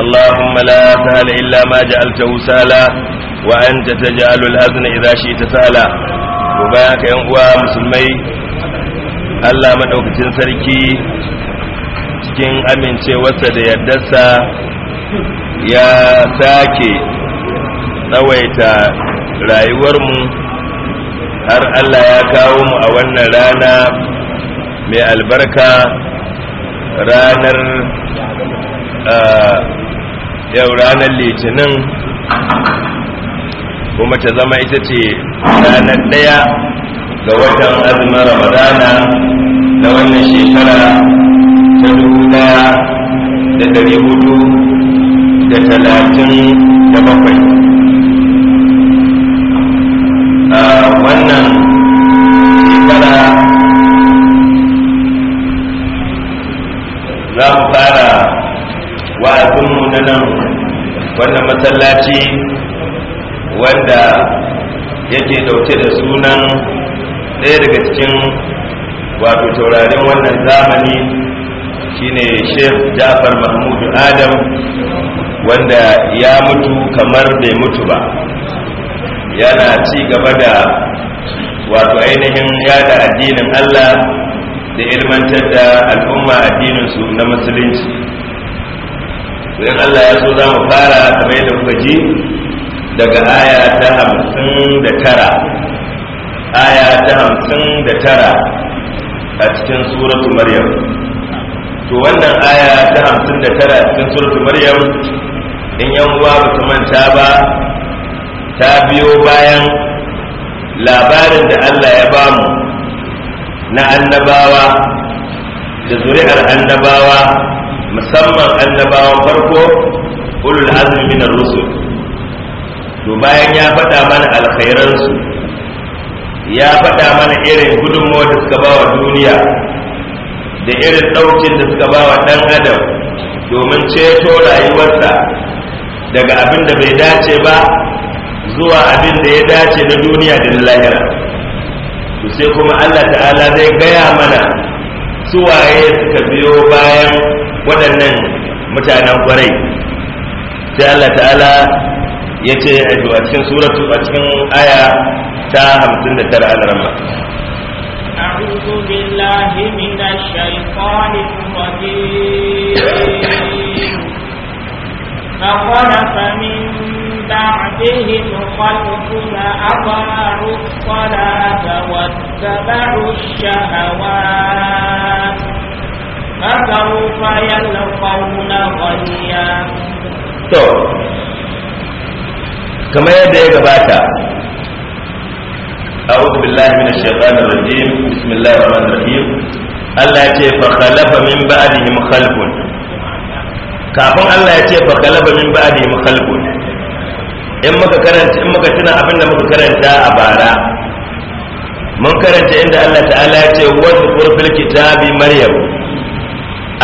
اللهم لا سهل إلا ما جعلته سهلا وأنت تجعل الهزن إذا شئت سهلا وبارك يا مسلمي Allah maɗaukacin sarki cikin amincewarsa da yardarsa ya sake tsawaita rayuwarmu har Allah ya kawo mu a wannan rana mai albarka ranar ah, yau ranar litinin kuma ta zama ita ce ranar daya ga watan azumin ramadana na wannan shekara ta dubu daya da dari hudu da talatin da bakwai a wannan shekara za mu fara wa'azinmu na nan wannan masallaci wanda yake dauke da sunan ɗaya daga cikin wato taurarin wannan zamani shine sheikh jafar mahmud adam wanda ya mutu kamar bai mutu ba yana ci gaba da wato ainihin yada addinin allah da ilmantar da al'umma addininsu na musulunci in Allah ya so za mu fara kamar yadda kuka ji daga aya ta hamsin da tara aya ta hamsin da tara a cikin suratu maryam to wannan aya ta hamsin da tara a cikin suratu maryam in yan uwa ba su manta ba ta biyo bayan labarin da Allah ya bamu na annabawa da zuri'ar annabawa musamman annabawan farko ulul azmi min rusul to bayan ya faɗa mana alkhairansu ya faɗa mana irin gudunmawa da suka ba wa duniya da irin ɗaukin da suka ba wa ɗan adam domin ceto rayuwarsa daga abin da bai dace ba zuwa abin da ya dace na duniya da na lahira to sai kuma Allah ta'ala zai gaya mana suwaye suka biyo bayan waɗannan mutanen kwarai sai Allah ta'ala ya ce a cikin suratu a cikin aya ta hamsin da tara an rama أعوذ بالله من الشيطان الرجيم فخلف من بعدهم خلف أضاعوا الصلاة واتبعوا الشهوات فسوف يلقون غيا to kamar yadda ya gabata أعوذ بالله من الشيطان الرجيم بسم الله الرحمن الرحيم Allah ya ce fa khalafa min ba'dihim khalqun kafin Allah ya ce fa khalafa min ba'dihim khalqun in muka karanta in muka tuna abin da muka karanta a bara mun karanta inda Allah ta'ala ya ce wa zkur fil kitabi maryam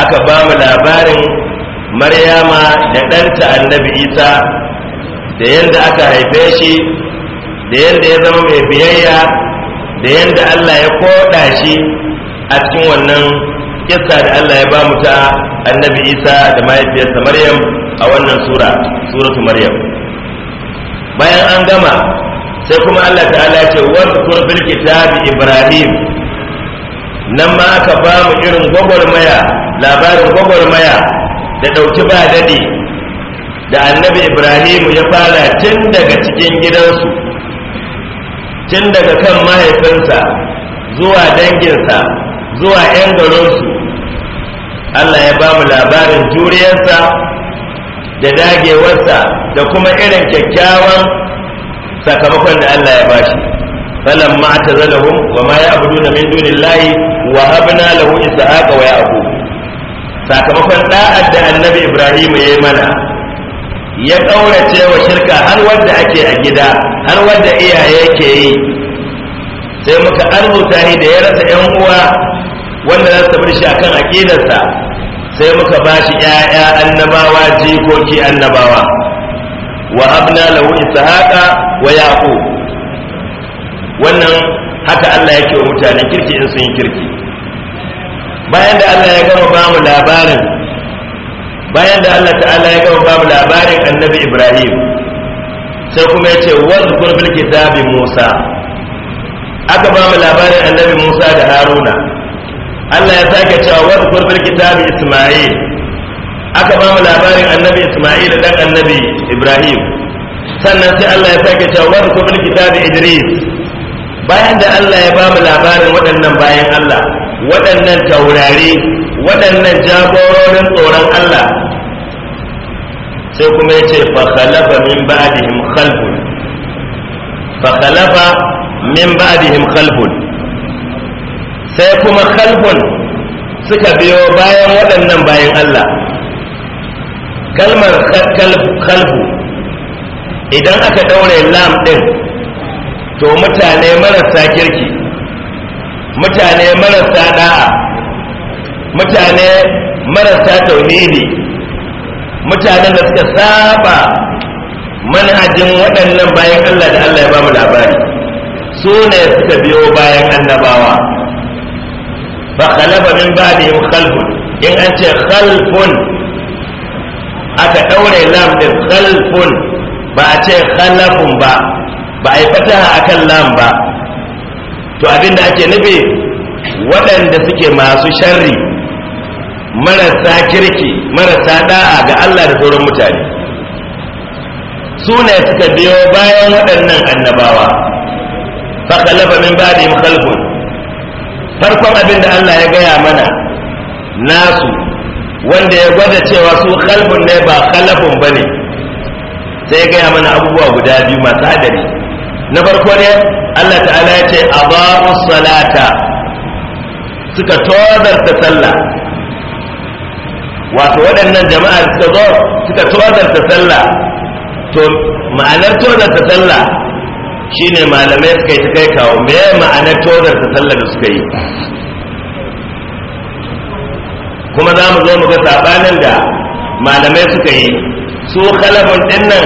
aka ba mu labarin maryama da ɗanta annabi isa da yadda aka haife shi da yadda ya zama mai biyayya da yadda allah ya koɗa shi a cikin wannan kisa da allah ya ba mu ta annabi isa da mahaifiyarsa maryam a wannan sura suratu maryam bayan an gama sai kuma allah ta'ala ce wadda fil kitabi ibrahim nan ma aka ba mu irin gwagwarmaya labarin gwagwarmaya da ɗauki ba daɗe da annabi ibrahimu ya fara tun daga cikin gidansu tun daga kan mahaifinsa zuwa danginsa zuwa 'yan garinsu allah ya ba mu labarin juriyarsa da dagewarsa da kuma irin kyakkyawan sakamakon da allah ya bashi falamma ta zalahum wa ma ya abudu na min dunillahi wa lahu wa yaqub sakamakon da'ar da annabi ibrahim ya yi mana ya ƙaurace wa shirka har wadda ake a gida har wadda iyaye ke yi sai muka arzuta ni da ya rasa yan uwa wanda za su bar shi akan aƙidarsa sai muka ba shi ƴaƴa annabawa jikoki annabawa wa abna lahu ishaqa wa yaqub wannan haka Allah yake wa mutanen kirki in sun yi kirki bayan da Allah ya gama ba mu labarin bayan da Allah ta'ala ya gama ba mu labarin annabi Ibrahim sai kuma ya ce wazkur fil kitabi Musa aka ba mu labarin annabi Musa da Haruna Allah ya sake cewa wazkur fil kitabi Isma'il aka ba mu labarin annabi Isma'il dan annabi Ibrahim sannan sai Allah ya sake cewa wazkur fil kitabi Idris bayan da Allah ya ba mu labarin waɗannan bayan Allah waɗannan taurari waɗannan jagororin tsoron Allah sai kuma ya ce fakhalafa min ba'dihim khalfun fakhalafa min ba'dihim khalfun sai kuma khalfun suka biyo bayan waɗannan bayan Allah kalmar khalfu idan aka ɗaure lam ɗin to mutane marasa kirki mutane marasa da'a mutane marasa tauhidi mutanen da suka saba manhajin waɗannan bayan Allah da Allah ya ba mu labari su ne suka biyo bayan annabawa fa khalafa min ba'dihim khalfun in an ce khalfun aka daure lam din khalfun ba a ce khalafun ba ba a yi fataha akan lam ba to abin da ake nufi waɗanda suke masu sharri marasa kirki marasa da'a ga Allah da sauran mutane su ne suka biyo bayan waɗannan annabawa fakalafa min ba'di khalfun. farkon abin da Allah ya gaya mana nasu wanda ya gwada cewa su khalfun ne ba khalafun bane sai ya gaya mana abubuwa guda biyu masu hadari na farko ne Allah ta'ala ya ce abaru salata suka tozarta sallah wato waɗannan jama'a suka zo suka tozarta sallah to ma'anar tozarta sallah ne malamai suka yi ta kai kawo me ma'anar tozarta sallah da suka yi kuma za mu zo mu ga sabanin da malamai suka yi su khalafin ɗin nan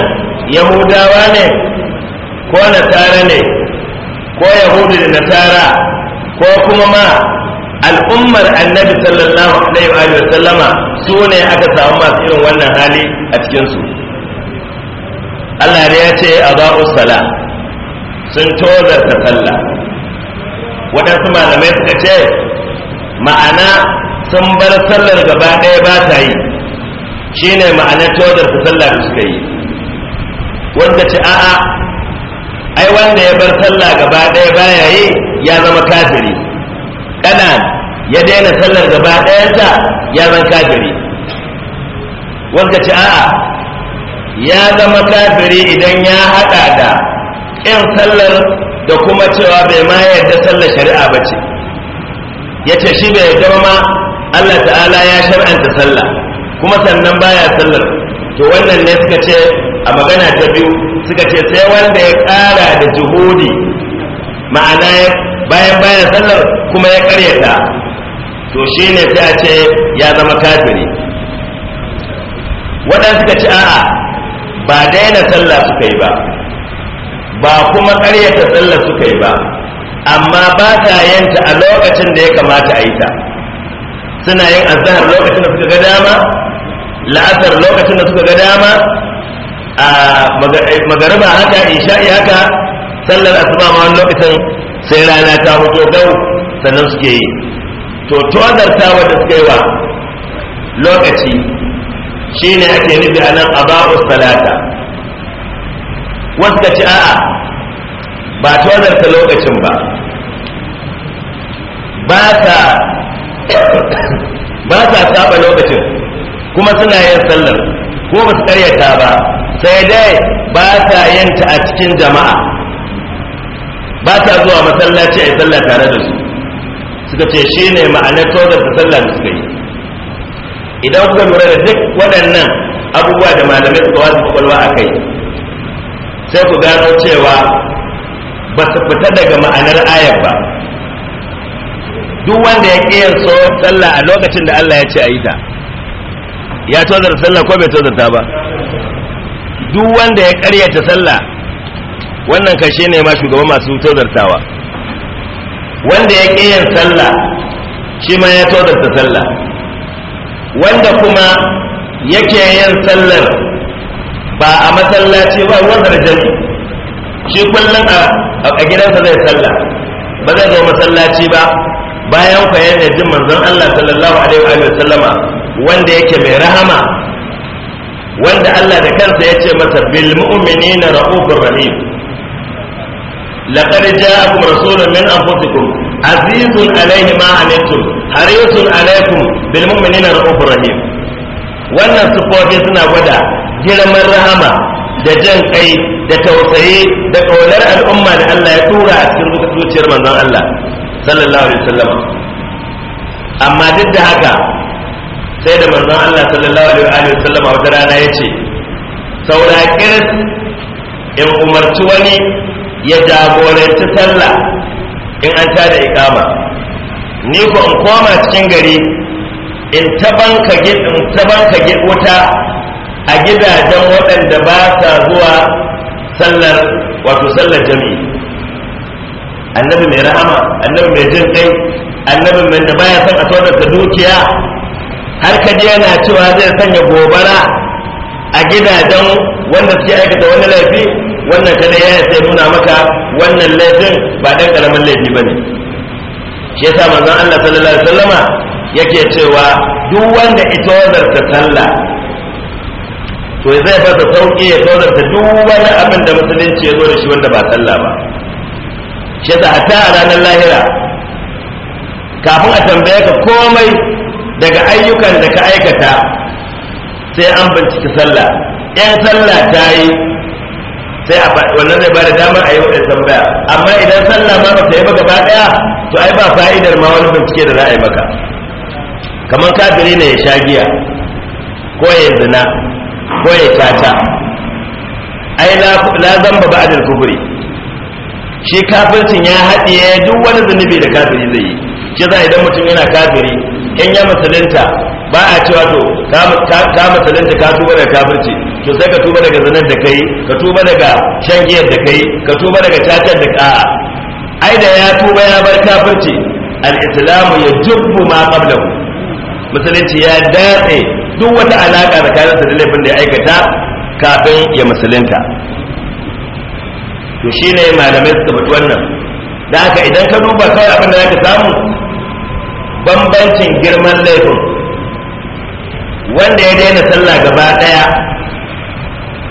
yahudawa ne ko nasara ne ko yahudu da nasara ko kuma ma al'ummar annabi sallallahu alaihi wa sallama su ne aka samu masu irin wannan hali a cikinsu Allah da ya ce a ba'u sala sun tozarta sallah waɗansu malamai suka ce ma'ana sun bar sallar gaba ɗaya ba ta yi shine ma'anar tozarta sallah da suka yi wanda ce a'a ai wanda ya bar sallah gaba ɗaya baya yi ya zama kafiri kana ya daina sallar gaba ɗayansa ya zama kafiri wanda ce a'a ya zama kafiri idan ya haɗa da ƙin sallar da kuma cewa bai ma yadda sallar shari'a ba ce ya ce shi bai yarda ma Allah ta'ala ya shar'anta sallah kuma sannan baya sallar to wannan ne suka ce a magana ta biyu suka ce sai wanda ya ƙara da juhudi ma'ana bayan bayan sallar kuma ya karyata to shi ne sai a ce ya zama kafiri waɗansu suka ci a'a ba daina sallah suka yi ba ba kuma karyata sallar suka yi ba amma ba ta yanta a lokacin da ya kamata a yi ta suna yin azahar lokacin da suka ga dama la'asar lokacin da suka ga dama Eh, magaraba haka isha'i haka sallar asuba ma wani lokacin sai rana ta hoto gau sannan suke yi to tozartawa da suka yi wa lokaci ne ake nufi a nan aba'us salata wasu kaci a'a ba tozarta lokacin ba ba ta ba ta saba lokacin kuma suna yin sallar ko ba su karyata ba sai dai ba ta yanta a cikin jama'a ba ta zuwa masallaci a sallah tare da su suka ce shi ne ma'anar tozar da sallah da suka yi idan kuka lura da duk waɗannan abubuwa da malamai suka wasu kwakwalwa a kai sai ku gano cewa ba su fita daga ma'anar ayar ba duk wanda ya ƙi so sallah a lokacin da Allah ya ce a yi ta ya tozar sallah ko bai ta ba duk wanda ya karyata sallah wannan kashe ne ma shugaba masu tozartawa wanda ya kiyan sallah shi ma ya tozarta sallah wanda kuma yake yin sallar ba a masallaci ba wanda da jami shi kullum a gidansa zai sallah ba zai zo masallaci ba bayan koyar da jin manzon Allah sallallahu alaihi wa sallama wanda yake mai rahama wanda Allah da kansa ya ce masa bil mu'minina ra'ufur rahim laqad ja'akum rasulun min anfusikum azizun alayhi ma anittum harisun alaykum bil mu'minina ra'ufur rahim wannan sufofi suna gwada girman rahama da jan kai da tausayi da kaunar al'umma da Allah ya tura a cikin zuciyar manzon Allah sallallahu alaihi wasallam amma duk da haka sai da manzon Allah sallallahu alaihi wasallam wata rana yace saurakin in umarci wani ya jagoranci sallah in an da ikama ni ko in koma cikin gari in tabanka in tabanka wuta a gidajen waɗanda ba sa zuwa sallar wato sallar jami'i annabi mai rahama annabi mai jin kai annabi mai da baya son a tona da dukiya har ka je yana cewa zai sanya gobara a gidajen wanda suke aikata wani laifi wannan kada ya sai nuna maka wannan laifin ba dan karamin laifi bane shi yasa manzon Allah sallallahu alaihi wasallama yake cewa duk wanda ita wazarta talla to zai fasa sauki ya tozarta duk wani abin da musulunci ya zo da shi wanda ba talla ba shi yasa hatta a ranar lahira kafin a tambaye ka komai daga ayyukan da ka aikata sai an binciki sallah yan sallah ta yi sai a wannan zai bada damar a yi wa tambaya amma idan sallah ma ba ta yi ba gaba daya to ai ba fa'idar ma wani bincike da za a yi maka kamar kafiri ne ya sha giya ko ya zina ko ya tata ai la zamba ba'dal kubri shi kafircin ya haɗiye duk wani zunubi da kafiri zai yi shi za idan mutum yana kafiri in ya musulunta ba a cewa to ka musulunta ka tuba daga kafirci to sai ka tuba daga zanen da kai ka tuba daga shan giyar da kai ka tuba daga cacar da ka'a ai da ya tuba ya bar kafirci al'islamu ya jubbu ma qablahu musulunci ya datse duk wata alaka da da laifin da ya aikata kafin ya musulunta to shine malamai suka fito wannan da haka idan ka duba kawai abin da zaka samu bambancin girman laifin wanda ya daina sallah gaba daya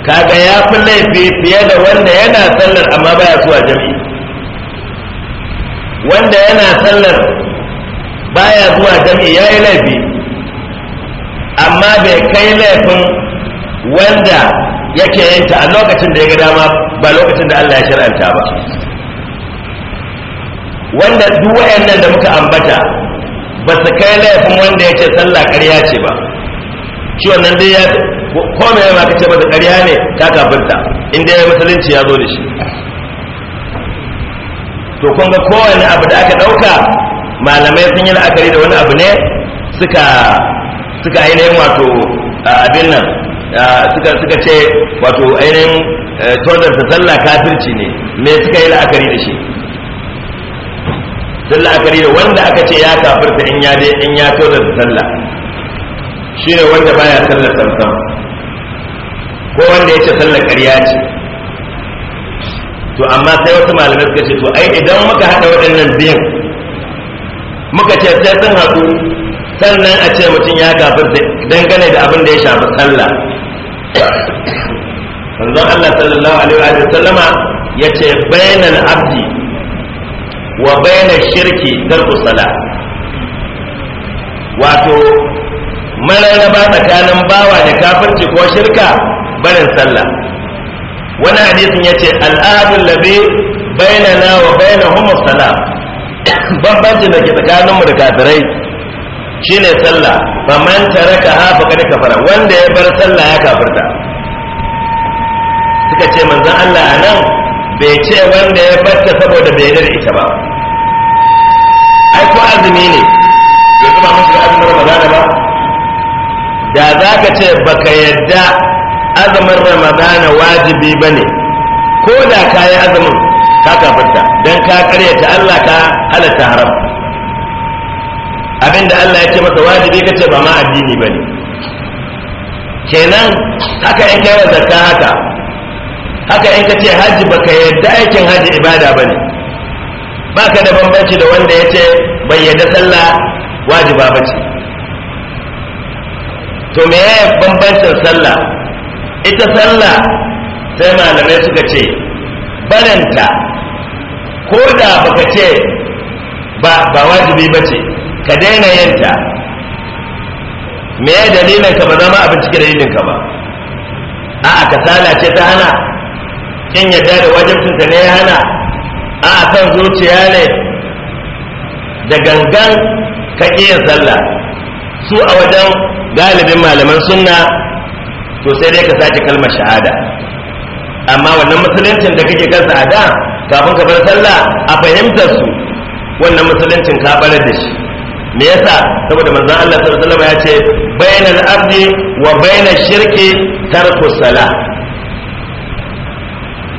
kaga ya fi laifi fiye da wanda yana sallar amma baya zuwa jami'i wanda yana sallar baya zuwa jami'i ya yi laifi amma bai kai laifin wanda yake yin ta a lokacin da ya ga dama ba lokacin da Allah ya shar'anta ba wanda duk wayannan da muka ambata ba su kai laifin wanda ya ce sallah ƙarya ce ba shi wannan dai ya ko ma kace masa ƙarya ne ka kafirta inda ya musulunci ya zo da shi to kun ga kowane abu da aka ɗauka malamai sun yi la'akari da wani abu ne suka suka ainihin wato abin nan suka suka ce wato ainihin ta sallah kafirci ne me suka yi la'akari da shi sun la'akari da wanda aka ce ya kafirta in ya dai in ya ta sallah shi ne wanda baya sallar samsam ko wanda ya ce sallar ƙarya ce to amma sai wasu malamai suka ce to ai idan muka haɗa waɗannan biyan muka ce sai sun haɗu sannan a ce mutum ya kafirta dangane da abin da ya shafi sallah manzon Allah sallallahu alaihi wa sallama ce bainal abdi wa bainal shirki tarku sala wato ba tsakanin bawa da kafirci ko shirka barin sallah wani hadisin ce al'adun labe bainana wa bainahum salam bambancin da ke tsakaninmu da kafirai shine sallah faman taraka ha ka kafara wanda ya bar sallah ya kafirta suka ce manzon Allah anan bai ce wanda ya barta saboda bai yarda ita ba ai ko azumi ne ya kuma musu azumin ramadana ba da za ka ce baka yadda azumin ramadana wajibi ba ne ko da ka yi azumin ka kafirta don ka karyata Allah ka halatta haram abinda Allah ya ce masa wajibi kace ba ma addini bane kenan haka in kai wa haka haka in kace haji baka yadda aikin haji ibada bane baka da bambanci da wanda yace bai yadda sallah wajiba bace to me ya bambancin sallah ita sallah sai malamai suka ce barinta ko da baka ce ba wajibi bace ka daina yanta me ya dalilin ka ba zama abin cikin dalilin ka ba a'a kasala ce ta hana kin yadda da wajibcin ka ne ya hana a'a kan zuciya ne da gangan ka iya sallah su a wajen galibin malaman sunna to sai dai ka sace kalmar shahada amma wannan musuluncin da kake kansa a da kafin ka bar sallah a fahimtar su wannan musuluncin ka barar da shi me yasa saboda manzon Allah sallallahu alaihi wasallam ya ce bainal abdi wa bainash shirki tarku sala.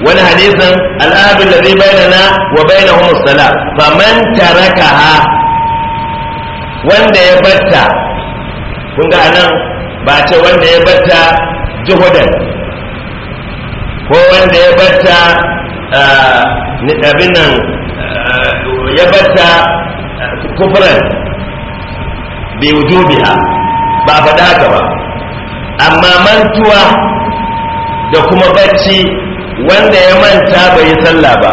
wani hadisin al'abin da zai bayyana wa bayyana sala ba man taraka ha wanda ya batta kun ga anan ba ce wanda ya batta juhudan ko wanda ya batta eh, abin nan eh, ya batta kufran bai wujubiha ba a faɗa ba amma mantuwa da kuma bacci wanda ya manta bai yi sallah ba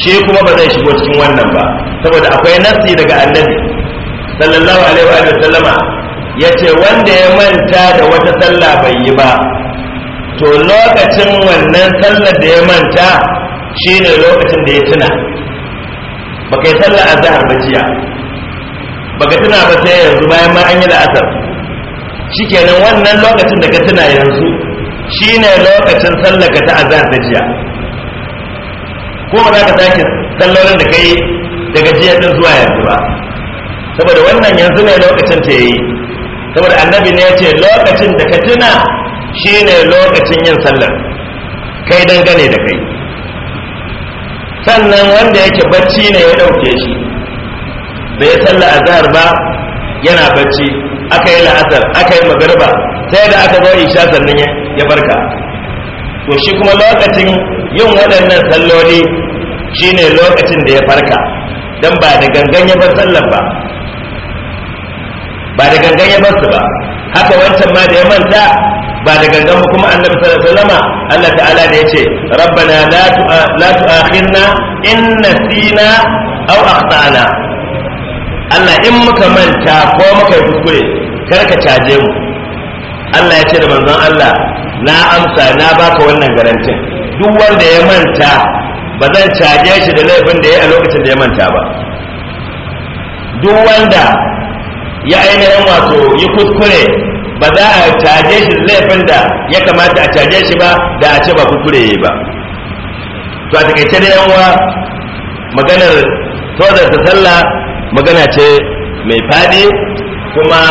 shi kuma ba zai shigo cikin wannan ba saboda akwai nafsi daga annabi sallallahu alaihi wa sallama ya ce wanda ya manta da wata sallah bai yi ba to lokacin wannan sallar da ya manta shine lokacin da ya tuna baka yi sallar azhar ba jiya baka tuna ba sai yanzu bayan ma an yi la'asar shikenan wannan lokacin da ka tuna yanzu shine lokacin sallar ka ta zahar ta jiya ko ba za ka sake sallolin da kai daga jiya din zuwa yanzu ba saboda wannan yanzu ne lokacin ta yi saboda annabi ne ya ce lokacin da ka tuna shine lokacin yin sallar kai dangane da kai sannan wanda yake bacci ne ya ɗauke shi bai yi sallar azhar ba yana bacci aka yi la'asar aka yi magarba sai da aka zo isha sannan ya barka to shi kuma lokacin yin waɗannan salloli shine lokacin da ya farka dan ba da gangan ya bar sallar ba ba da gangan ya masu ba haka wancan ma da ya manta ba da gangan kuma annabi sallallahu alaihi wasallam Allah ta'ala da yace rabbana la la tu'akhirna in nasina aw akhtana Allah in muka manta ko muka yi kuskure kar ka caje mu Allah ya ce da manzon Allah na amsa na baka wannan garantin duk wanda ya manta ba zan caje shi da laifin da ya a lokacin da ya manta ba duk wanda ya ainihin wato yi kuskure ba za a caje shi laifin da ya kamata a caje shi ba da a ce ba kuskure yi ba to a takaice da yanwa maganar sojar ta sallah magana ce mai faɗi kuma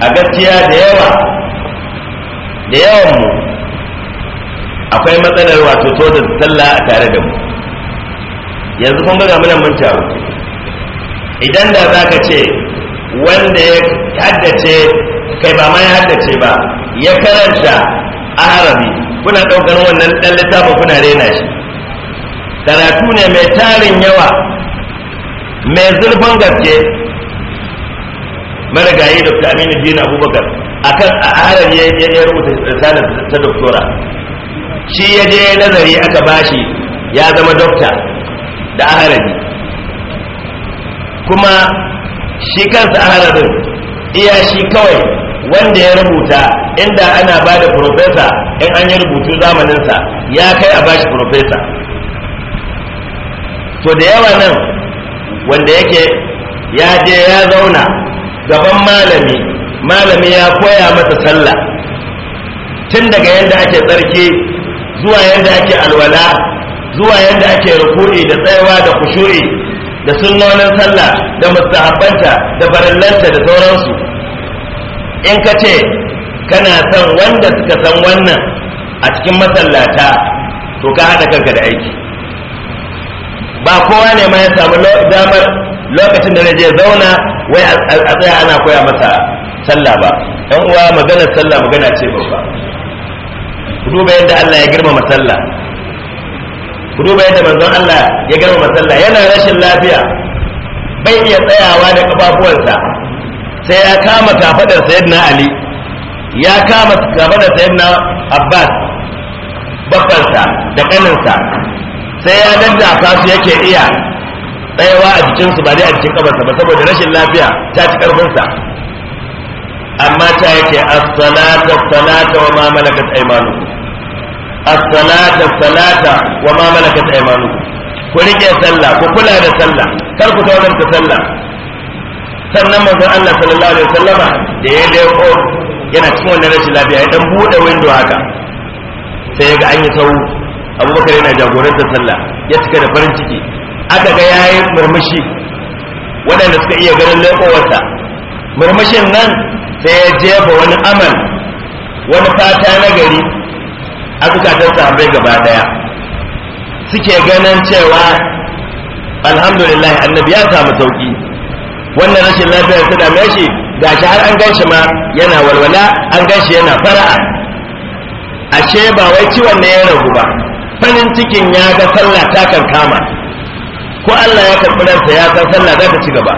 a gaskiya da yawa da yawan mu akwai matsalar wato sojar ta sallah a tare da mu yanzu kun ga muna mun taru idan da za ka ce wanda ya haddace kai ba ma ya haddace ba ya karanta a harabi kuna ɗaukar wannan ɗan littafin kuna rena shi karatu ne mai tarin yawa mai zurfin gaske marigayi dr aminu dina abubakar akan a harabi ya rubuta risalar ta doktora shi ya je nazari aka bashi ya zama dokta da harabi kuma shi kansa ahararin iya shi kawai wanda ya rubuta inda ana ba da profesa in an yi rubutu zamaninsa ya kai a bashi profesa to da yawa nan wanda yake ya je ya zauna gaban malami malami ya koya masa sallah tun daga yadda ake tsarki zuwa yadda ake alwala zuwa yadda ake rukuri da tsayawa da kushuri da sunnonin sallah da mustahabbanta da farallanta da sauransu in ka ce kana san wanda suka san wannan a cikin masallata to ka haɗa kanka da aiki ba kowa ne ma ya samu damar lokacin da je zauna wai a tsaya ana koya masa sallah ba ɗan uwa maganar sallah magana ce babba duba yadda Allah ya girmama sallah duba yadda manzon Allah ya gama masalla yana rashin lafiya bai iya tsayawa da kafafuwansa sai ya kama kafadar sayyidina Ali ya kama kafadar sayyidina Abbas bakkansa da kaninsa sai ya danda su yake iya tsayawa a su ba dai a jikin kabarsa ba saboda rashin lafiya ta ci karfinsa amma ta yake as-salatu as-salatu wa ma malakat aymanukum as-salata salata wa ma malakat aymanukum ku rike sallah ku kula da sallah kar ku da sallah sannan manzo Allah sallallahu alaihi wasallama da ya ko yana cikin wannan rashin lafiya ya dan bude window haka sai ya ga an yi Abu abubakar yana jagorantar sallah ya cika da farin ciki aka ga yayi murmushi waɗanda suka iya ganin lekowarsa murmushin nan sai ya jefa wani amal wani fata na gari a zukatan sahabbai gaba daya suke ganin cewa alhamdulillah annabi ya samu sauki wannan rashin lafiyar ta dame shi gashi har an ganshi ma yana walwala an ganshi yana fara'a ashe ba wai ciwon ne ya ragu ba farin cikin ya ga sallah ta kan kama ko Allah ya karɓi ransa ya san sallah za ta ci gaba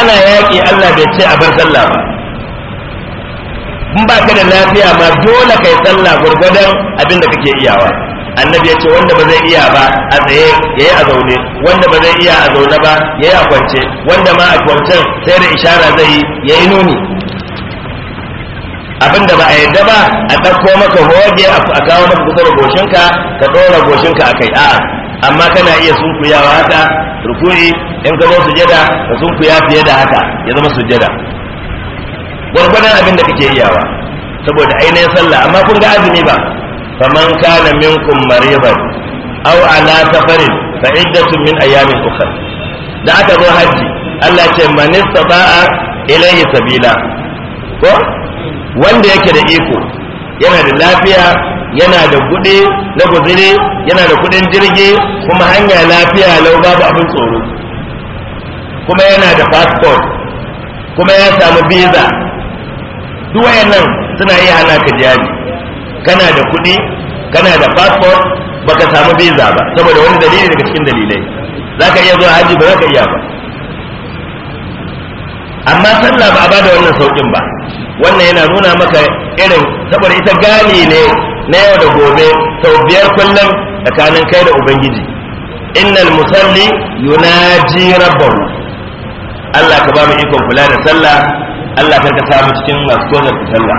ana yaƙi Allah bai ce a bar sallah ba in ba ka da lafiya ma dole kai sallah gurgudan abinda da kake iyawa annabi ya ce wanda ba zai iya ba a tsaye ya yi a zaune wanda ba zai iya a zaune ba ya yi a kwance wanda ma a kwancen sai da ishara zai yi ya yi nuni abin ba a yadda ba a ɗauko maka hoge a kawo maka kusa da goshinka ka ɗora goshinka a kai a'a amma kana iya sunkuyawa haka rukuni in ka zo sujada ka sunkuya fiye da haka ya zama sujada gwargwadon abin da kake iyawa saboda ainihin sallah amma kun ga azumi ba faman kana minkum mariban aw ala safarin fa iddatu min ayamin ukhra da aka zo haji Allah ce man istata'a ilayhi sabila ko wanda yake da iko yana da lafiya yana da kuɗi na guzuri yana da kuɗin jirgi kuma hanya lafiya lau babu abin tsoro kuma yana da passport kuma ya samu visa duk wayannan suna iya hana ka jari kana da kuɗi kana da passport baka samu visa ba saboda wani dalili daga cikin dalilai zaka iya zuwa haji ba zaka iya ba amma sallah ba a bada wannan saukin ba wannan yana nuna maka irin saboda ita gane ne na yau da gobe sau biyar kullum tsakanin kai da ubangiji innal musalli yunaji rabbahu Allah ka ba mu ikon kula da sallah Allah karka sa mu cikin masu tozar sallah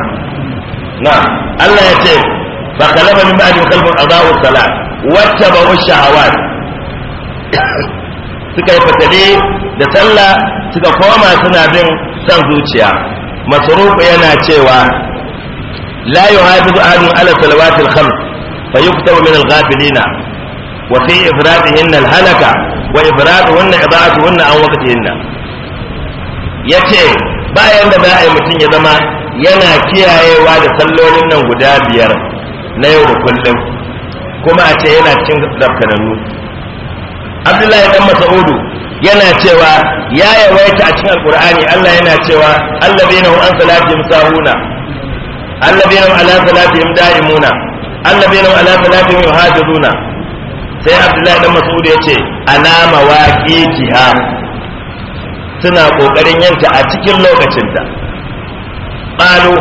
na Allah ya ce ba fa kalama min ba'di qalbun adaa'u salat wattabu shahawat suka yi fatali da sallah suka koma suna bin san zuciya Masarufu yana cewa la yuhafizu ahadun ala salawatil khams fayuktabu min al-ghafilina wa fi ifradihinna al-halaka wa na ifraduhunna idaa'atuhunna an Ya ce. bayan da za a yi mutum ya zama yana kiyayewa da sallolin nan guda biyar na yau da kullum kuma a ce yana cin zafkananu abdullahi dan Masa'udu yana cewa ya yawaita a cikin alkur'ani allah yana cewa allazina hum an salatihim sahuna allazina hum ala salatihim daimuna allazina hum ala salatihim yuhafizuna sai abdullahi dan ya ce ana mawaqitiha suna ƙoƙarin yanta a cikin lokacinta ƙalu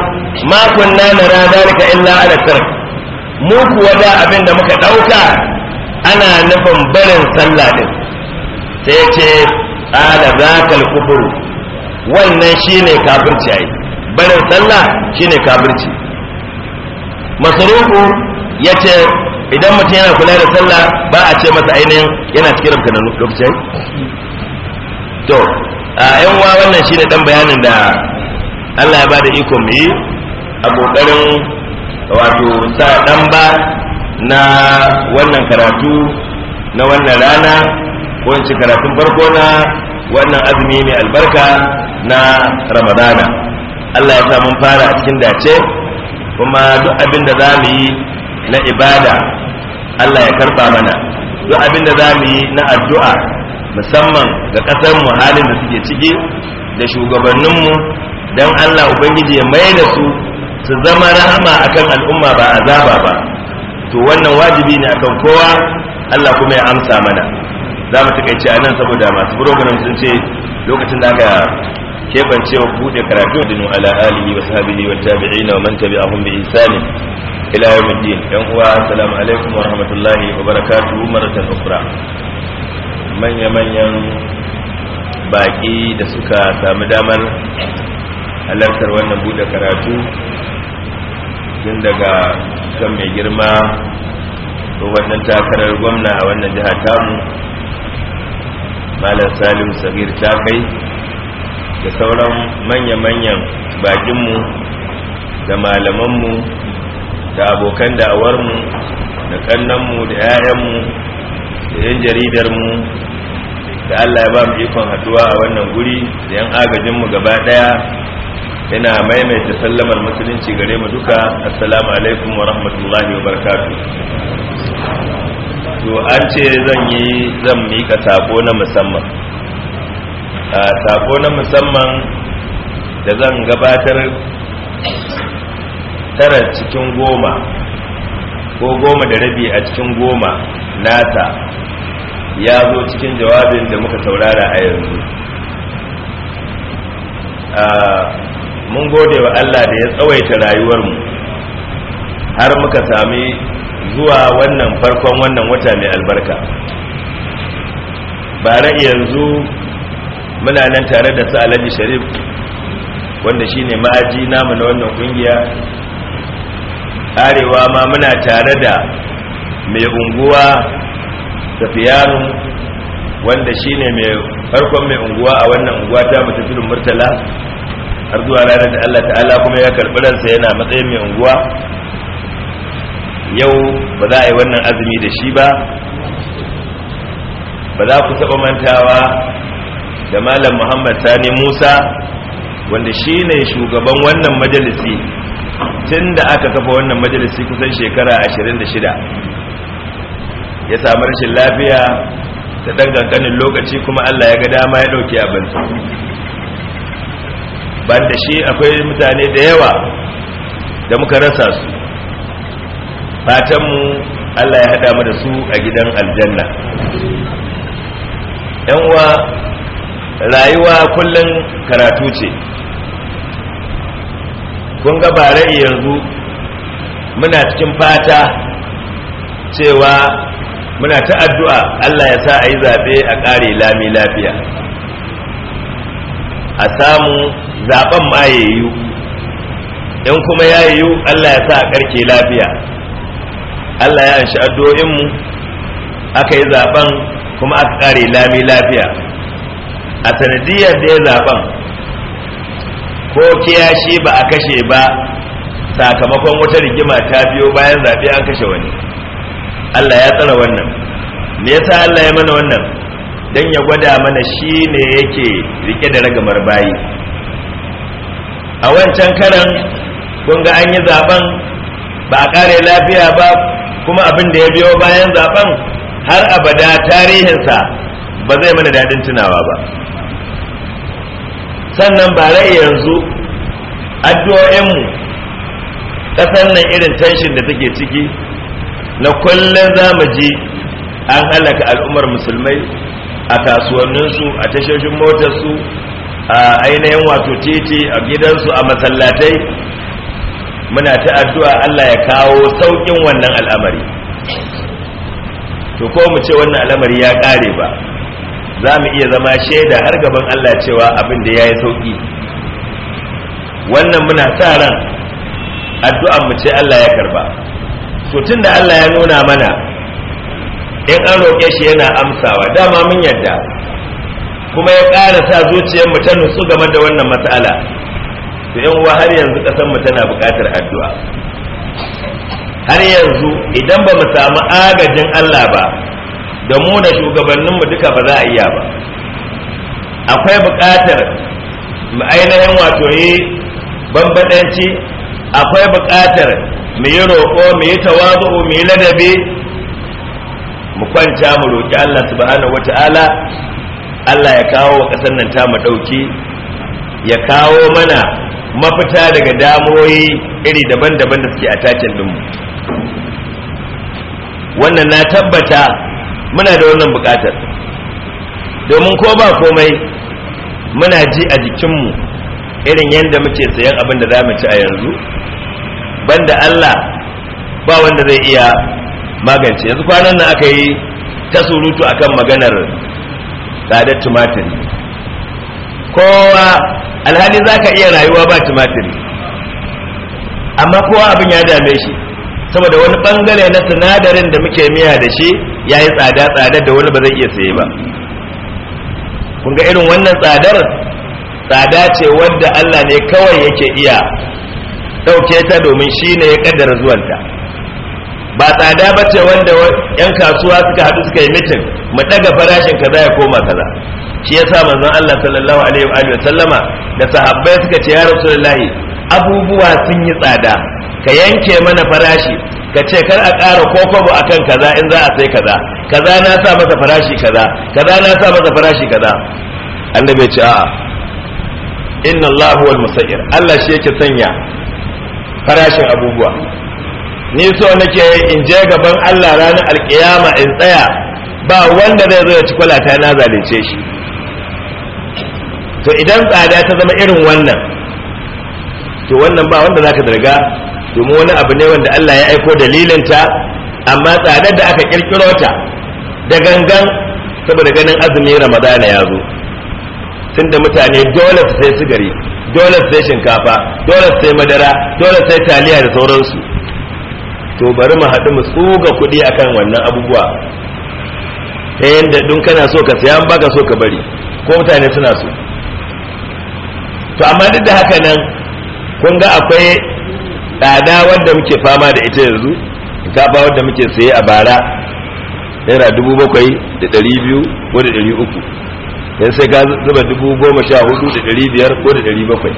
makon na na zalika illa ala tark mu kuwa da abin da muka ɗauka ana nufin barin sallah din sai ce ala zakal kuburu wannan shine kafirci ai barin sallah shine kafirci masarufu ya ce idan mutum yana kula da sallah ba a ce masa ainihin yana cikin rubutanen lokacin to a yan wa wannan shine dan bayanin da Allah ya ba da iko mu yi a kokarin wato sa dan ba na wannan karatu na wannan rana ko in karatun farko na wannan azumi mai albarka na ramadana Allah ya sa mun fara a cikin dace kuma duk abin da za mu yi na ibada Allah ya karba mana duk abin da za mu yi na addu'a musamman ga ƙasar mu halin da suke cike da shugabanninmu don Allah ubangiji ya mai da su su zama rahama akan al'umma ba azaba ba to wannan wajibi ne akan kowa Allah kuma ya amsa mana za mu takaice a nan saboda masu program sun ce lokacin da aka keɓance wa buɗe karatu dinu ala alihi wa sahbihi wa tabi'ina wa man tabi'ahum bi ihsanin ila yawmiddin yan uwa assalamu alaikum wa rahmatullahi wa barakatuhu maratan ukhra manya-manyan baƙi da suka sami damar halartar wannan buɗe karatu tun daga kan mai girma wannan takarar gwamna a wannan jiha tamu malam salim sabir kai da sauran manya-manyan bakinmu da malamanmu da abokan da'awarmu da kannanmu da 'ya'yanmu da 'yan jaridarmu da Allah ya ba mu ikon haduwa a wannan guri da yan agajin mu gaba daya ina maimaita sallamar musulunci gare mu duka assalamu alaikum wa rahmatullahi wa barakatuh to an ce zan yi zan mika sako na musamman a sako na musamman da zan gabatar tara cikin goma ko goma da rabi a cikin goma nata ya zo cikin jawabin da muka saurara a yanzu mun gode wa Allah da ya tsawaita rayuwarmu har muka sami zuwa wannan farkon wannan wata mai albarka ba bare yanzu muna nan tare da su alhaji sharif wanda shine ma'aji namu na wannan kungiya arewa ma muna tare da mai unguwa safiyanu wanda shine mai farkon mai unguwa a wannan unguwa ta mu tudun murtala har zuwa ranar da Allah ta'ala kuma ya karɓi ransa yana matsayin mai unguwa yau ba za a yi wannan azumi da shi ba ba za ku taɓa mantawa da malam muhammad sani musa wanda shi ne shugaban wannan majalisi tun da aka kafa wannan majalisi kusan shekara 26 ya samu rashin lafiya da ɗan lokaci kuma Allah ya ga dama ya ɗauki abinsa ban da shi akwai mutane da yawa da muka rasa su fatanmu Allah ya haɗa mu da su a gidan aljanna uwa rayuwa kullum karatu ce kun ga bare yanzu muna cikin fata cewa muna ta addu'a Allah ya sa a yi zaɓe a ƙare lami lafiya a samu zaɓen ma ya yiwu in kuma ya yiwu Allah ya sa a ƙarke lafiya Allah ya anshi addu'o'inmu aka yi zaɓen kuma aka ƙare lami lafiya a sanadiyar da ya zaɓen ko kiyashi ba a kashe ba sakamakon wata rigima ta biyo bayan zaɓe an kashe wani Allah ya tsara wannan me yasa Allah ya mana wannan dan ya gwada mana shi ne yake rike da ragamar bayi a wancan karan kun ga an yi zaben ba kare lafiya ba kuma abin da ya biyo bayan zaben har abada tarihinsa ba zai mana daɗin tunawa ba sannan ba rai yanzu addu'o'inmu ƙasar nan irin tension da take ciki na kullum za mu ji an halaka al'ummar musulmai a kasuwanninsu a tashoshin motarsu a ainihin wato titi a gidansu a masallatai muna ta addu'a Allah ya kawo saukin wannan al'amari to ko mu ce wannan al'amari ya ƙare ba za mu iya zama shaida har gaban Allah cewa abin da ya yi sauƙi wannan muna sa ran addu'an mu ce Allah ya karba to da Allah ya nuna mana in an roƙe shi yana amsawa dama mun yadda kuma ya ƙara sa zuciyar mu ta nutsu game da wannan matsala to yan uwa har yanzu ƙasar mu tana buƙatar addu'a har yanzu idan ba mu samu agajin Allah ba da mu da shugabannin mu duka ba za a iya ba akwai buƙatar mu ainihin wato yi bambadanci akwai buƙatar mu yi roƙo mu yi tawazu mu yi ladabi mu kwanta mu roƙi Allah subhanahu wata'ala Allah ya kawo wa ƙasar nan ta mu ɗauki ya kawo mana mafita daga damoyi iri daban-daban da suke a tacin dinmu wannan na tabbata muna da wannan buƙatar domin ko ba komai muna ji a jikinmu irin yadda muke sayan abin da za mu ci a yanzu banda Allah ba wanda zai iya magance yanzu kwanan nan aka yi ta surutu akan maganar tsadar tumatiri kowa alhali za ka iya rayuwa ba tumatiri amma kowa abin ya dame shi saboda wani bangare na sinadarin da muke miya da shi ya yi tsada tsadar da wani ba zai iya saye ba kun ga irin wannan tsadar tsada ce wadda Allah ne kawai yake iya ɗauke ta domin shi ne ya kaddara zuwanta ba tsada ba ce wanda 'yan kasuwa suka haɗu suka yi mitin mu ɗaga farashin kaza ya koma kaza shi ya sa manzon Allah sallallahu alaihi wa sallama da sahabbai suka ce ya rasulullahi abubuwa sun yi tsada ka yanke mana farashi ka ce kar a ƙara kokobo a akan kaza in za a sai kaza kaza na sa masa farashi kaza kaza na sa masa farashi kaza annabi ya ce a'a inna Allahu wal musayyir Allah shi yake sanya farashin abubuwa ni so nake in je gaban Allah ranar alkiyama in tsaya ba wanda zai zo ya ci kwalata na zalunce shi to idan tsada ta zama irin wannan to wannan ba wanda zaka zarga domin wani abu ne wanda Allah ya aiko dalilinta amma tsadar da aka kirkiro ta da gangan saboda ganin azumin ramadana ya zo tunda mutane dole su sai sigari dole sai shinkafa dole sai madara dole sai taliya da sauransu to bari mu haɗu mu tsuga kuɗi akan wannan abubuwa ta yadda dun kana so ka sayan baka so ka bari ko mutane suna so to amma duk da haka nan kun ga akwai tsada wanda muke fama da ita yanzu ba wanda muke saye a bara naira dubu bakwai da ɗari biyu ko da ɗari uku yan sai ka zuba dubu goma sha hudu da dari biyar ko da dari bakwai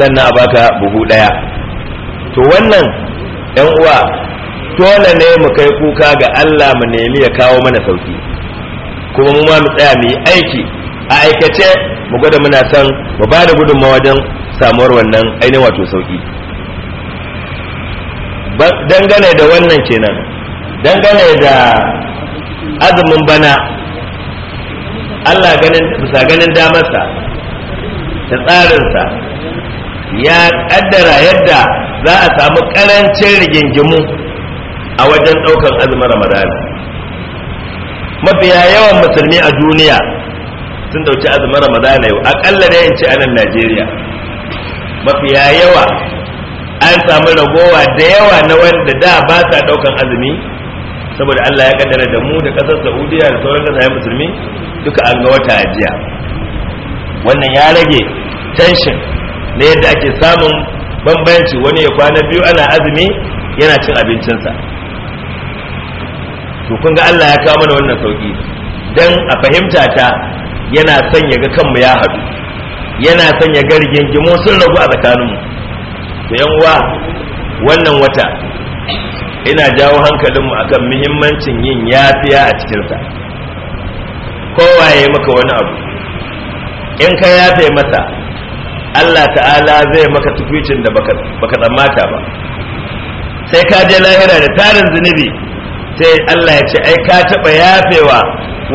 sannan a baka buhu ɗaya to wannan yan uwa dole ne mu kai kuka ga Allah mu nemi ya kawo mana sauki kuma mu ma mu tsaya mu yi aiki a aikace mu gwada muna son mu ba da gudunmawa wajen samuwar wannan ainihin wato sauki dangane da wannan kenan dangane da azumin bana Allah ganin bisa ganin damarsa da tsarinsa ya kaddara yadda za a samu karancin rigingimu a wajen ɗaukan azumin ramadan mafiya yawan musulmi a duniya sun dauki azumin ramadan yau akalla da yanci a nan najeriya mafiya yawa an samu ragowa da yawa na wanda da ba sa ɗaukan azumi saboda allah ya kaddara da mu da ƙasar saudiya da sauran ƙasashen musulmi duka an ga wata jiya wannan ya rage tension na yadda ake samun bambanci wani ya kwana biyu ana azumi yana cin abincinsa to kun ga Allah ya kawo mana wannan sauki dan a fahimta ta yana son ya ga kanmu ya haɗu yana son ya ga rigingimu sun ragu a tsakaninmu to yan uwa wannan wata ina jawo hankalinmu akan muhimmancin yin yafiya a cikinsa ya maka wani abu in ka yafe masa Allah ta'ala zai maka tukwicin da baka tsammata ba sai ka je lahira da tarin zunubi sai Allah ya ce ai ka taɓa yafewa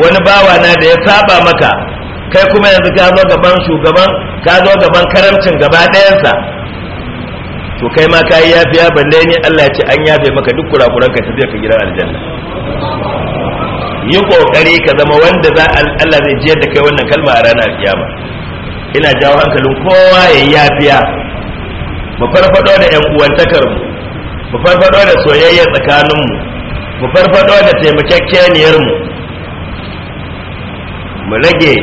wani bawa na da ya saba maka kai kuma yanzu ka zo gaban shugaban ka zo gaban karamcin gaba ɗayansa to kai ma ka yi yafiya balle ne Allah ya ce an yafe maka duk kurakuranka ta zai ka gidan aljanna yi kokari ka zama wanda za Allah zai jiyar da kai wannan kalma a ranar kiyama ina jawo hankalin kowa ya yi yafiya mu farfado da yan uwantakar mu mu farfado da soyayya tsakanin mu mu farfado da taimakekkeniyar mu mu rage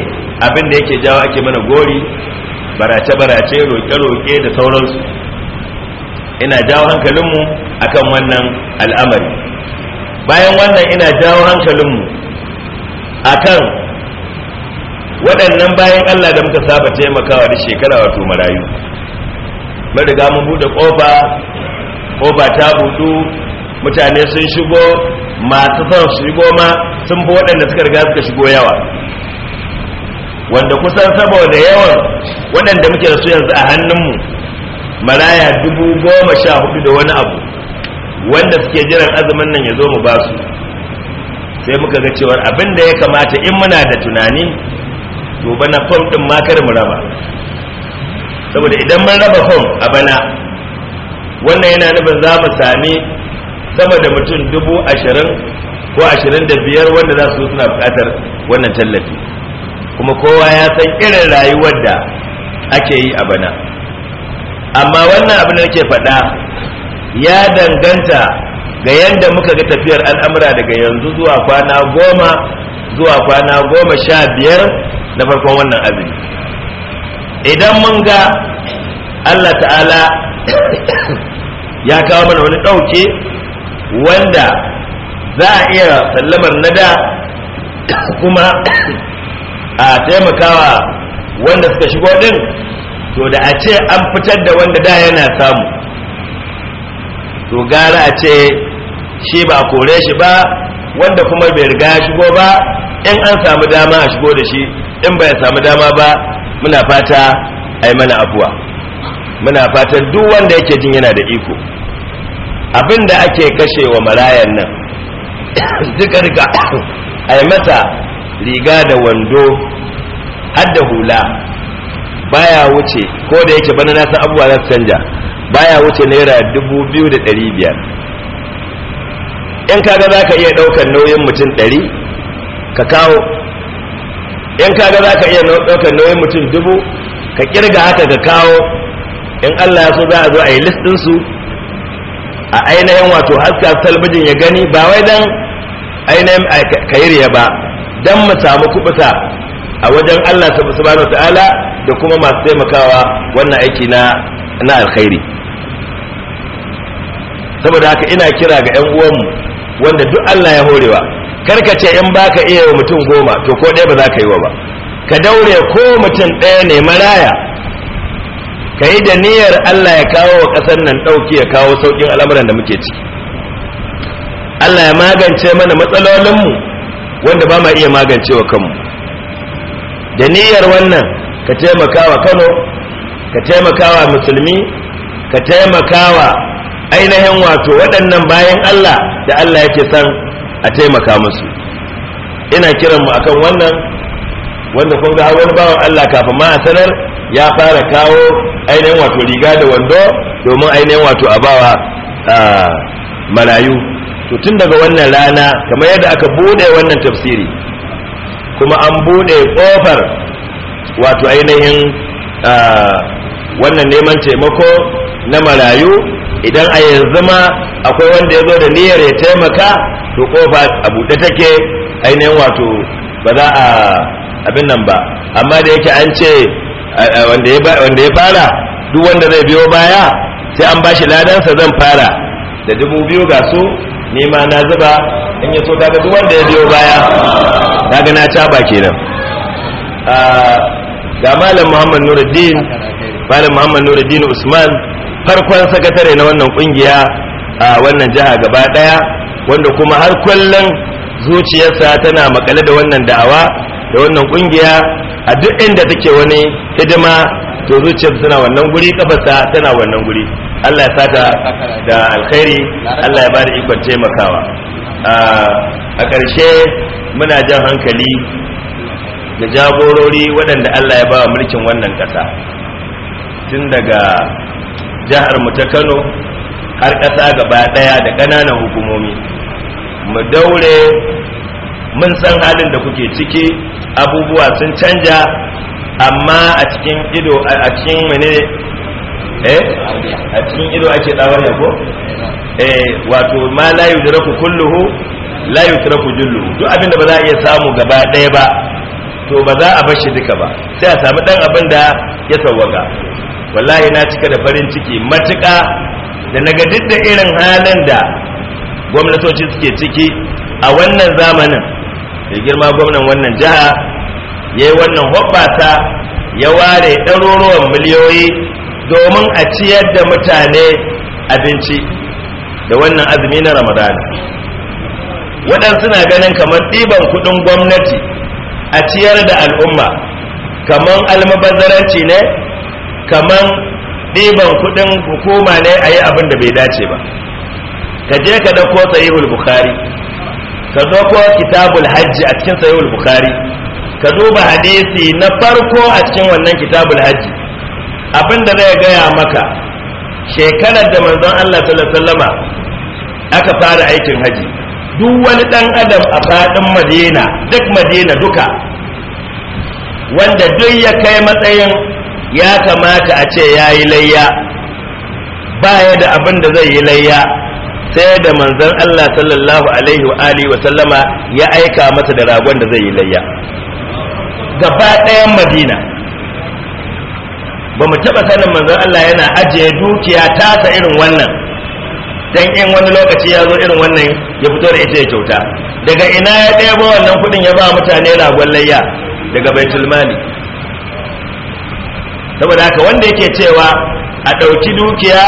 abin da yake jawo ake mana gori barace-barace roƙe-roƙe da sauransu ina jawo hankalin mu akan wannan al'amari bayan wannan ina jawo hankalinmu a kan waɗannan bayan allah da muka saba taimakawa da shekara wato marayu mariga mun buɗe ƙofa ƙofa ta buɗu mutane sun shigo masu son shigo ma sun fi waɗanda suka riga suka shigo yawa wanda kusan saboda yawan waɗanda muke da su yanzu a hannunmu maraya dubu goma sha hudu da wani abu wanda suke jiran azumin nan ya zo mu ba su sai muka ga cewa abin da ya kamata in muna da tunani to bana fom din ma kar mu raba saboda idan mun raba fom a bana wannan yana nufin za mu sami sama da mutum dubu ashirin ko ashirin da biyar wanda za su suna bukatar wannan tallafi kuma kowa ya san irin rayuwar da ake yi a bana amma wannan abin da nake faɗa ya danganta ga yadda muka ga tafiyar al'amura daga yanzu zuwa kwana goma zuwa kwana goma sha biyar na farkon wannan abin, idan mun ga allah ta'ala ya kawo mana wani ɗauke wanda za a iya sallamar da kuma a taimakawa wanda suka shigo ɗin, to da a ce an fitar da wanda da yana samu to gara a ce shi ba a kore shi ba wanda kuma bai riga ya shigo ba in an samu dama a shigo da shi in bai samu dama ba muna fata a yi mana abuwa muna fata duk wanda yake jin yana da iko abin da ake kashe wa marayan nan duka riga a yi mata riga da wando har da hula baya wuce ko da yake bana na san abubuwa za su canja baya wuce naira dubu biyu da ɗari biyar in kaga za ka iya ɗaukar nauyin mutum ɗari ka kawo in kaga za ka iya ɗaukar nauyin mutum dubu ka kirga haka ka kawo in allah ya so za a zo a yi listinsu a ainihin wato haska talbijin ya gani ba wai don ainihin ka riya ba don mu samu kubuta a wajen allah subhanahu wa ta'ala da kuma masu taimakawa wannan aiki na na alkhairi saboda haka ina kira ga 'yan uwanmu wanda duk Allah ya horewa karka ce in baka iya wa mutum goma to ko ɗaya ba za ka yi wa ba ka daure ko mutum ɗaya ne maraya ka yi da niyyar Allah ya kawo wa ƙasar nan ɗauki ya kawo sauƙin al'amuran da muke ciki Allah ya magance mana matsalolinmu wanda ba ma iya magancewa kanmu da niyyar wannan ka taimaka wa kano ka taimakawa musulmi ka taimakawa ainihin wato waɗannan bayan Allah da Allah yake son a taimaka musu ina kiran mu akan wannan wanda kun ga wani bawan Allah kafin ma a sanar ya fara kawo ainihin wato riga da wando domin ainihin wato a bawa marayu to tun daga wannan rana kamar yadda aka bude wannan tafsiri kuma an bude kofar wato ainihin wannan neman taimako na marayu idan a yanzu ma akwai wanda ya zo da niyyar ya taimaka to kofa a buɗe take ainihin wato ba za a abin nan ba amma da yake an ce wanda ya fara duk wanda zai biyo baya sai an bashi ladansa zan fara da dubu biyu ga su nema na zuba in yi so daga duk wanda ya biyo baya ta na caba kenan ga malam muhammad nuruddin malam muhammad nuruddin usman farkon sakatare na wannan kungiya a wannan jiha gaba daya wanda kuma har kullum zuciyarsa tana makale da wannan da'awa da wannan kungiya a duk inda take wani hidima to zuciyar tana wannan guri kafasa tana wannan guri Allah ya sata da alkhairi Allah ya bada ikon taimakawa a ƙarshe muna jan hankali da jagorori waɗanda Allah ya ba wa mulkin wannan ƙasa tun daga jihar mu ta Kano har ƙasa gaba ɗaya da ƙananan hukumomi mu daure mun san halin da kuke ciki abubuwa sun canja amma a cikin ido a cikin mene eh a cikin ido ake tsawar yabo eh wato ma la yudraku kulluhu la yutraku jullu duk abinda da ba za a iya samu gaba ɗaya ba to ba za a bar shi duka ba sai a sami dan abin da ya sawwaka wallahi na cika da farin ciki matuƙa da naga duk da irin halin da gwamnatoci suke ciki a wannan zamanin da girma gwamnan wannan jiha ya yi wannan hoɓɓasa ya ware ɗaruruwan miliyoyi domin a ciyar da mutane abinci da wannan azumi na ramadana. waɗansu na ganin kamar ɗiban kuɗin gwamnati a ciyar da al'umma kamar almabazaranci ne kaman ɗiban kuɗin hukuma ne a yi abin da bai dace ba ka je ka dauko sahihul bukhari ka ko kitabul hajji a cikin sahihul bukhari ka duba hadisi na farko a cikin wannan kitabul hajji abin da zai gaya maka shekarar da manzon Allah sallallahu alaihi aka fara aikin haji duk wani dan adam a fadin madina duk madina duka wanda duk ya kai matsayin ya kamata a ce ya yi layya baya da abin da zai yi layya sai da manzon Allah sallallahu alaihi wa alihi wa sallama ya aika masa da ragon da zai yi layya gaba ɗayan madina ba mu taɓa sanin manzon Allah yana ajiye dukiya tasa irin wannan dan in wani lokaci ya zo irin wannan ya fito da ita ya kyauta daga ina ya ɗebo wannan kuɗin ya ba mutane ragon layya daga baitulmali saboda haka wanda yake cewa a ɗauki dukiya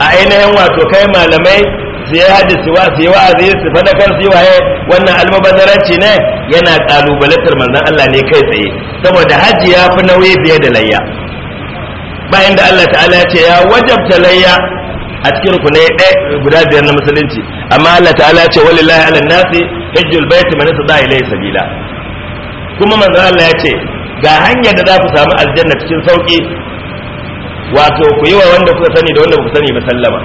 a ainihin wato kai malamai su yi hadisi wa su yi wa'azi su kan su yi waye wannan almubazaranci ne yana ƙalubalantar manzon Allah ne kai tsaye saboda hajji ya fi nauyi fiye da layya bayan da Allah ta'ala ya ce ya wajabta layya a cikin ku ne guda biyar na musulunci amma Allah ta'ala ce walillahi ala nasi hajjul bait man istata ilayhi sabila kuma manzo Allah ya ce ga hanyar da za ku samu aljanna cikin sauki wato ku yi wa wanda kuka sani da wanda kuka sani ba sallama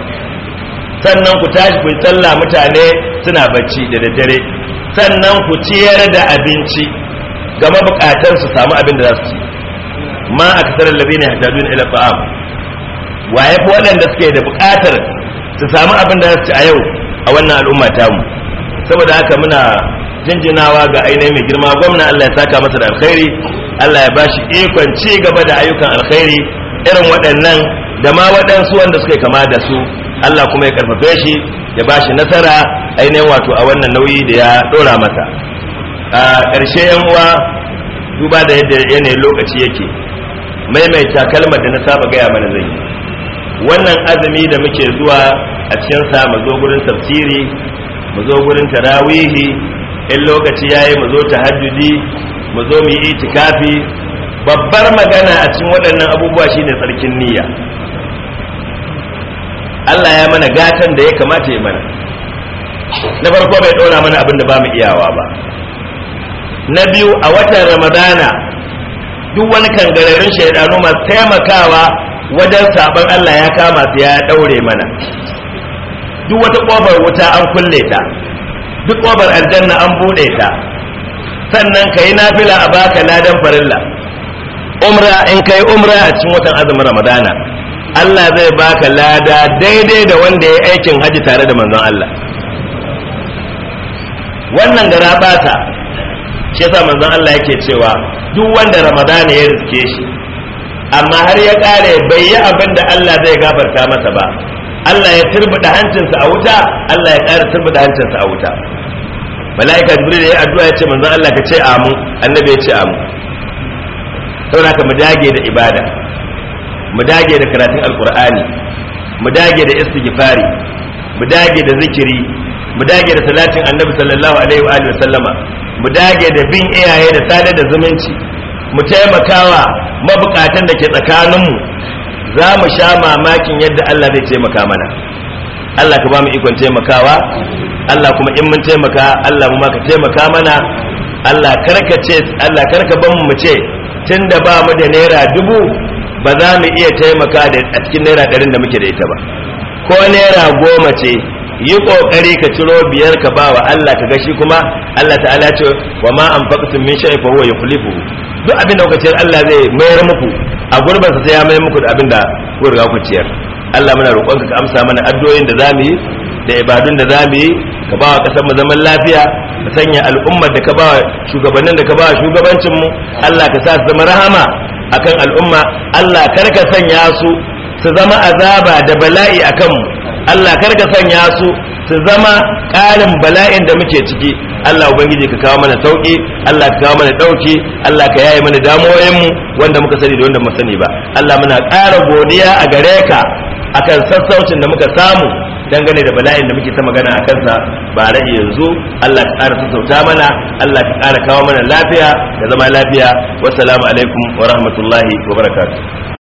sannan ku tashi ku yi sallah mutane suna bacci da daddare sannan ku ciyar da abinci ga mabukatan su samu abin da za su ci ma a kasarar labe ila ta'am waye fi waɗanda suke da bukatar su samu abin da za su ci a yau a wannan al'umma mu saboda haka muna jinjinawa ga ainihin mai girma gwamna Allah ya saka masa da alkhairi Allah ya bashi ikon ci gaba da ayyukan alkhairi irin waɗannan da ma waɗansu wanda suka kama da su Allah kuma ya karfafe shi ya bashi nasara ainihin wato a wannan nauyi da ya ɗora masa a ƙarshe yan uwa duba da yadda yanayin lokaci yake maimaita kalmar da na saba gaya mana zai yi. wannan azumi da muke zuwa a cikin sa mu zo gurin tafsiri mu zo gurin tarawihi in lokaci yayi mu zo tahajjudi mu zo mu yi itikafi babbar magana a cikin waɗannan abubuwa shine tsarkin niyya Allah ya mana gatan da ya kamata ya mana na farko bai ɗora mana abin da ba mu iyawa ba na biyu a watan ramadana duk wani kangararin shaidanu masu taimakawa wajen sabon Allah ya kama su ya ɗaure mana duk wata ƙofar wuta an kulle ta duk kobar aljanna an buɗe ta sannan ka yi nafila a baka ladan farilla umra in kai umra a cikin watan azumin ramadana Allah zai baka lada daidai da wanda ya aikin haji tare da manzon Allah wannan da rabata shi yasa manzon Allah yake cewa duk wanda ramadana ya riske shi amma har ya kare bai yi abin da Allah zai gafarta masa ba Allah ya da hancinsa a wuta Allah ya kara da hancinsa a wuta mala'ika jibril ya addu'a ya ce manzon Allah ka ce amu annabi ya ce amu saboda ka mu dage da ibada mu dage da karatun alqur'ani mu dage da istighfari mu dage da zikiri mu dage da salatin annabi sallallahu alaihi wa alihi sallama mu dage da bin iyaye da sadar da zumunci mu taimakawa mabukatan da ke tsakaninmu za mu sha mamakin yadda Allah zai taimaka mana Allah ka ba mu ikon taimakawa Allah kuma in mun taimaka Allah mu maka taimaka mana Allah karka ce Allah karka ban mu ce tunda ba mu da naira dubu ba za mu iya taimaka da a cikin naira ɗarin da muke da ita ba ko naira goma ce yi kokari ka ciro biyar ka ba wa Allah ka gashi kuma Allah ta'ala ce wa ma anfaqtum min shay'in fa huwa yukhlifu duk abin da kuka Allah zai mayar muku a gurbin sa sai ya mayar muku abin da kuka riga ku ciyar Allah muna roƙonka ka amsa mana addu'o'in da zamu yi da ibadun da zamu yi ka ba wa kasar mu zaman lafiya ka sanya al'ummar da ka ba shugabannin da ka ba shugabancin mu Allah ka sa su zama rahama akan al'umma Allah kar ka sanya su su zama azaba da bala'i akan mu Allah kar ka sanya su su zama ƙarin bala'in da muke ciki Allah ubangiji ka kawo mana sauki Allah ka kawo mana dauki Allah ka yaye mana mu wanda muka sani da wanda muka sani ba Allah muna ƙara godiya a gare ka akan sassaucin da muka samu dangane da bala'in da muke ta magana a kansa ba rage yanzu Allah ka ƙara sassauta mana Allah ka ƙara kawo mana lafiya da zama lafiya wassalamu alaikum wa rahmatullahi wa barakatuh